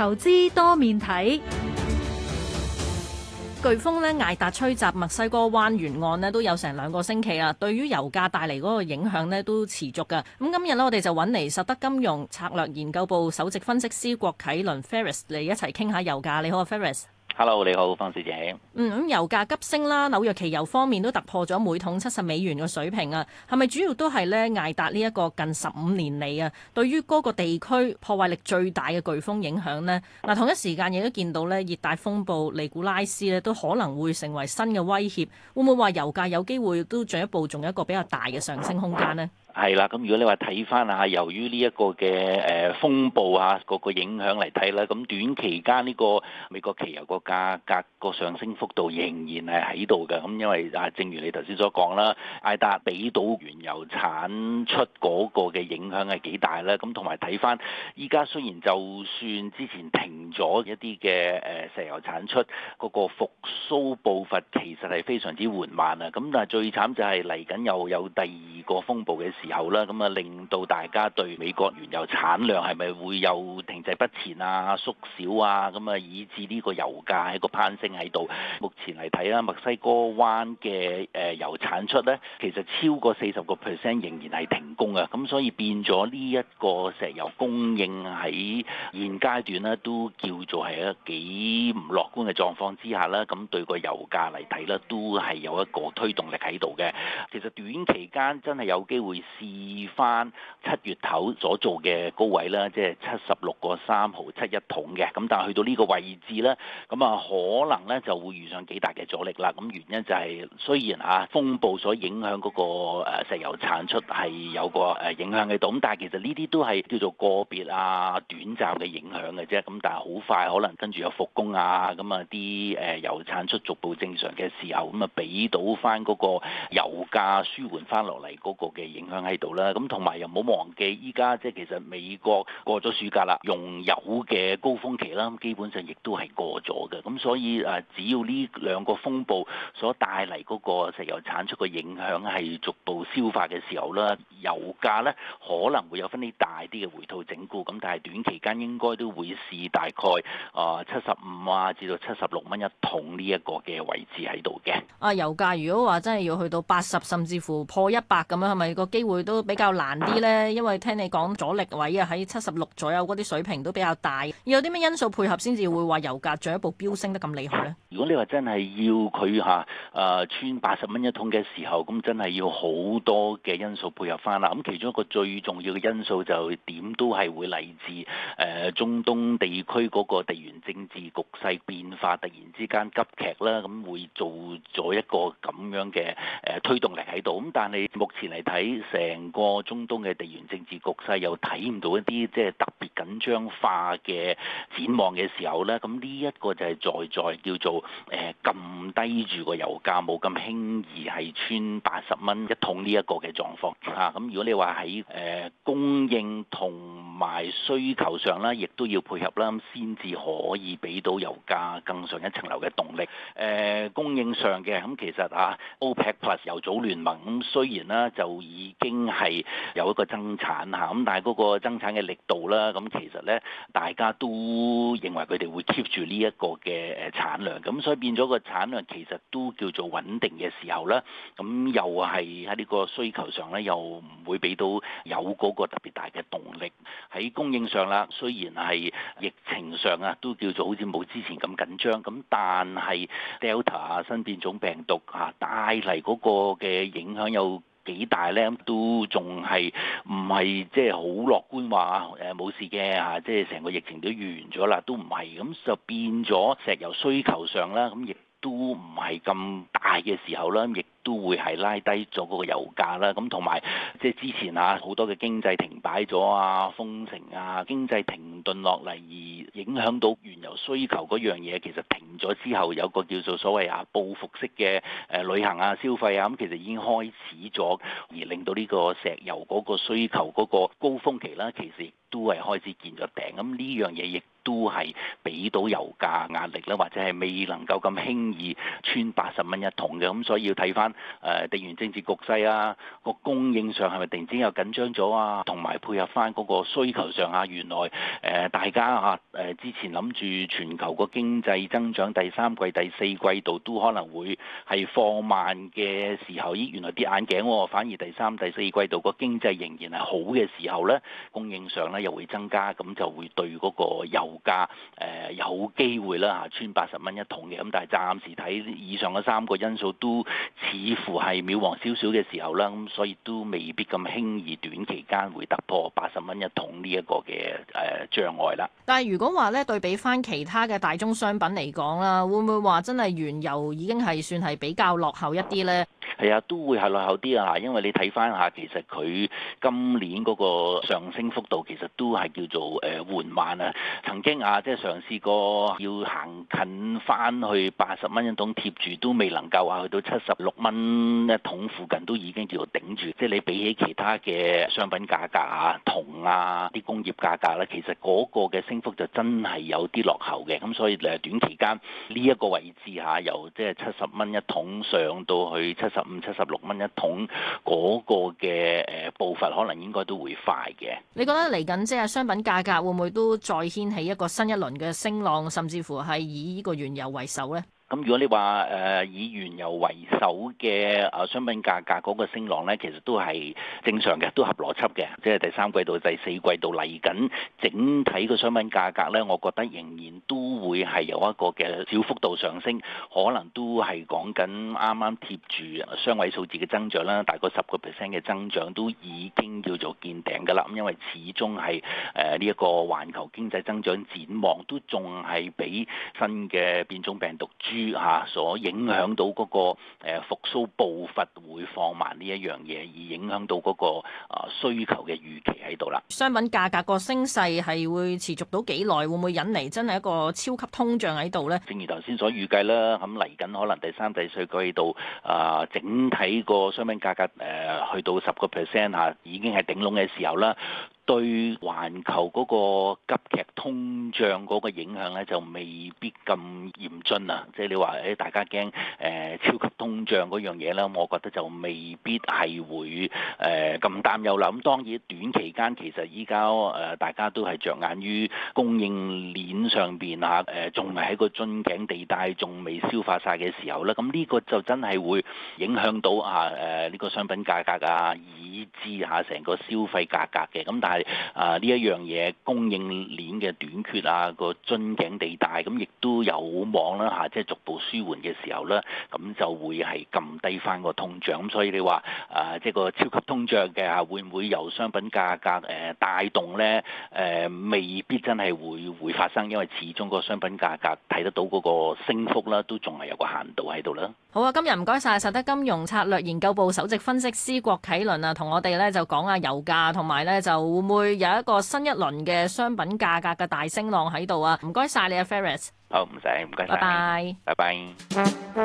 投資多面睇，颶風呢艾達吹襲墨西哥灣沿岸呢，都有成兩個星期啦。對於油價帶嚟嗰個影響呢，都持續噶。咁今日呢，我哋就揾嚟實德金融策略研究部首席分析師郭啟倫 （Ferris） 嚟一齊傾下油價。你好，Ferris。hello，你好，方小姐。嗯，咁油價急升啦，紐約期油方面都突破咗每桶七十美元嘅水平啊，係咪主要都係咧艾達呢一個近十五年嚟啊，對於嗰個地區破壞力最大嘅颶風影響咧，嗱，同一時間亦都見到咧熱帶風暴尼古拉斯咧都可能會成為新嘅威脅，會唔會話油價有機會都進一步仲有一個比較大嘅上升空間咧？係啦，咁如果你話睇翻啊，由於呢一個嘅誒風暴啊，個個影響嚟睇咧，咁短期間呢個美國期油個價格個上升幅度仍然係喺度嘅。咁因為啊，正如你頭先所講啦，艾達俾到原油產出嗰個嘅影響係幾大咧。咁同埋睇翻依家雖然就算之前停咗一啲嘅誒石油產出，嗰、那個復甦步伐其實係非常之緩慢啊。咁但係最慘就係嚟緊又有第二個風暴嘅時候啦，咁啊令到大家對美國原油產量係咪會有停滯不前啊、縮小啊，咁啊以致呢個油價喺個攀升喺度。目前嚟睇啦，墨西哥灣嘅誒油產出咧，其實超過四十個 percent 仍然係停工嘅，咁所以變咗呢一個石油供應喺現階段咧，都叫做係一個幾唔樂觀嘅狀況之下啦。咁對個油價嚟睇咧，都係有一個推動力喺度嘅。其實短期間真係有機會。試翻七月頭所做嘅高位啦，即係七十六個三毫七一桶嘅，咁但係去到呢個位置咧，咁啊可能咧就會遇上幾大嘅阻力啦。咁原因就係雖然啊風暴所影響嗰個石油產出係有個誒影響嘅度，咁但係其實呢啲都係叫做個別啊短暫嘅影響嘅啫。咁但係好快可能跟住有復工啊，咁啊啲誒油產出逐步正常嘅時候，咁啊俾到翻嗰個油價舒緩翻落嚟嗰個嘅影響。喺度啦，咁同埋又冇忘記，依家即係其實美國過咗暑假啦，用油嘅高峰期啦，基本上亦都係過咗嘅。咁所以誒，只要呢兩個風暴所帶嚟嗰個石油產出嘅影響，係逐步消化嘅時候啦，油價咧可能會有分啲大啲嘅回吐整固。咁但係短期間應該都會試大概啊七十五啊至到七十六蚊一桶呢一個嘅位置喺度嘅。啊，油價如果話真係要去到八十甚至乎破一百咁樣，係咪個機？會都比較難啲咧，因為聽你講阻力位啊喺七十六左右嗰啲水平都比較大，要有啲咩因素配合先至會話油價進一步飆升得咁厲害咧？如果你話真係要佢吓誒穿八十蚊一桶嘅時候，咁真係要好多嘅因素配合翻啦。咁其中一個最重要嘅因素就點、是、都係會嚟自誒、呃、中東地區嗰個地緣。政治局勢變化突然之間急劇啦，咁會做咗一個咁樣嘅誒推動力喺度。咁但係目前嚟睇，成個中東嘅地緣政治局勢又睇唔到一啲即係特別緊張化嘅。展望嘅時候呢，咁呢一個就係在在叫做誒撳、呃、低住個油價，冇咁輕易係穿八十蚊一桶呢一個嘅狀況嚇。咁、啊、如果你話喺誒供應同埋需求上呢，亦都要配合啦，先至可以俾到油價更上一層樓嘅動力。誒、呃、供應上嘅咁其實啊，OPEC plus 油組聯盟咁、嗯、雖然呢就已經係有一個增產嚇，咁、啊、但係嗰個增產嘅力度啦，咁、啊、其實呢大家都。都認為佢哋會 keep 住呢一個嘅誒產量，咁所以變咗個產量其實都叫做穩定嘅時候啦。咁又係喺呢個需求上咧，又唔會俾到有嗰個特別大嘅動力喺供應上啦。雖然係疫情上啊，都叫做好似冇之前咁緊張咁，但係 Delta 啊新變種病毒下帶嚟嗰個嘅影響又。幾大咧？都仲係唔係即係好樂觀話誒冇事嘅啊？即係成個疫情都完咗啦，都唔係咁就變咗石油需求上啦咁亦。都唔係咁大嘅時候啦，亦都會係拉低咗個油價啦。咁同埋即係之前啊，好多嘅經濟停擺咗啊、封城啊、經濟停頓落嚟，而影響到原油需求嗰樣嘢，其實停咗之後，有個叫做所謂啊報復式嘅誒旅行啊消費啊，咁其實已經開始咗，而令到呢個石油嗰個需求嗰個高峰期啦，其實都係開始見咗頂。咁呢樣嘢亦。都係俾到油價壓力啦，或者係未能夠咁輕易穿八十蚊一桶嘅，咁所以要睇翻誒地緣政治局勢啊，個供應上係咪突然之間又緊張咗啊？同埋配合翻嗰個需求上啊，原來誒、呃、大家吓、啊、誒、呃、之前諗住全球個經濟增長第三季第四季度都可能會係放慢嘅時候，咦？原來啲眼鏡、哦，反而第三第四季度個經濟仍然係好嘅時候咧，供應上咧又會增加，咁就會對嗰個油。價誒有機會啦嚇，穿八十蚊一桶嘅，咁但係暫時睇以上嘅三個因素都似乎係渺茫少少嘅時候啦，咁所以都未必咁輕易短期間會突破八十蚊一桶呢一個嘅誒障礙啦。但係如果話咧對比返其他嘅大宗商品嚟講啦，會唔會話真係原油已經係算係比較落後一啲咧？係啊，都會係落後啲啊，因為你睇翻下，其實佢今年嗰個上升幅度其實都係叫做誒緩慢啊。曾經啊，即係嘗試過要行近翻去八十蚊一桶貼住，都未能夠啊，去到七十六蚊一桶附近，都已經叫做頂住。即係你比起其他嘅商品價格啊、銅啊、啲工業價格呢，其實嗰個嘅升幅就真係有啲落後嘅。咁所以誒，短期間呢一個位置嚇，由即係七十蚊一桶上到去七十五七十六蚊一桶，嗰個嘅誒步伐可能應該都會快嘅。你覺得嚟緊即係商品價格會唔會都再掀起一個新一輪嘅升浪，甚至乎係以呢個原油為首咧？咁如果你話誒以原油為首嘅誒商品價格嗰個升浪咧，其實都係正常嘅，都合邏輯嘅。即係第三季度、第四季度嚟緊整體個商品價格咧，我覺得仍然都會係有一個嘅小幅度上升，可能都係講緊啱啱貼住雙位數字嘅增長啦，大概十個 percent 嘅增長都已經叫做見頂噶啦。咁因為始終係誒呢一個環球經濟增長展望都仲係比新嘅變種病毒下所影響到嗰個誒復甦步伐會放慢呢一樣嘢，而影響到嗰個啊需求嘅預期喺度啦。商品價格個升勢係會持續到幾耐？會唔會引嚟真係一個超級通脹喺度呢？正如頭先所預計啦，咁嚟緊可能第三、第四季度啊，整體個商品價格誒去到十個 percent 嚇，已經係頂籠嘅時候啦。對環球嗰個急劇通脹嗰個影響咧，就未必咁嚴峻啊！即係你話誒，大家驚誒超級通脹嗰樣嘢咧，我覺得就未必係會誒咁擔憂啦。咁當然短期間其實依家誒大家都係着眼於供應鏈上邊啊，誒仲係喺個樽頸地帶，仲未消化晒嘅時候咧，咁呢個就真係會影響到啊誒呢個商品價格啊，以至下、啊、成個消費價格嘅。咁但係啊，呢一樣嘢，供應鏈嘅短缺啊、個樽頸地帶，咁亦都有望啦嚇，即係逐步舒緩嘅時候咧，咁就會係撳低翻個通脹。所以你話啊，即係個超級通脹嘅啊，會唔會由商品價格誒帶動咧？誒未必真係會會發生，因為始終個商品價格睇得到嗰個升幅啦，都仲係有個限度喺度啦。好啊，今日唔該晒。實德金融策略研究部首席分析師郭啟倫啊，同我哋咧就講下油價同埋咧就。會唔會有一個新一輪嘅商品價格嘅大升浪喺度啊？唔該曬你啊，Ferris。好，唔使，唔該曬。拜拜，拜拜。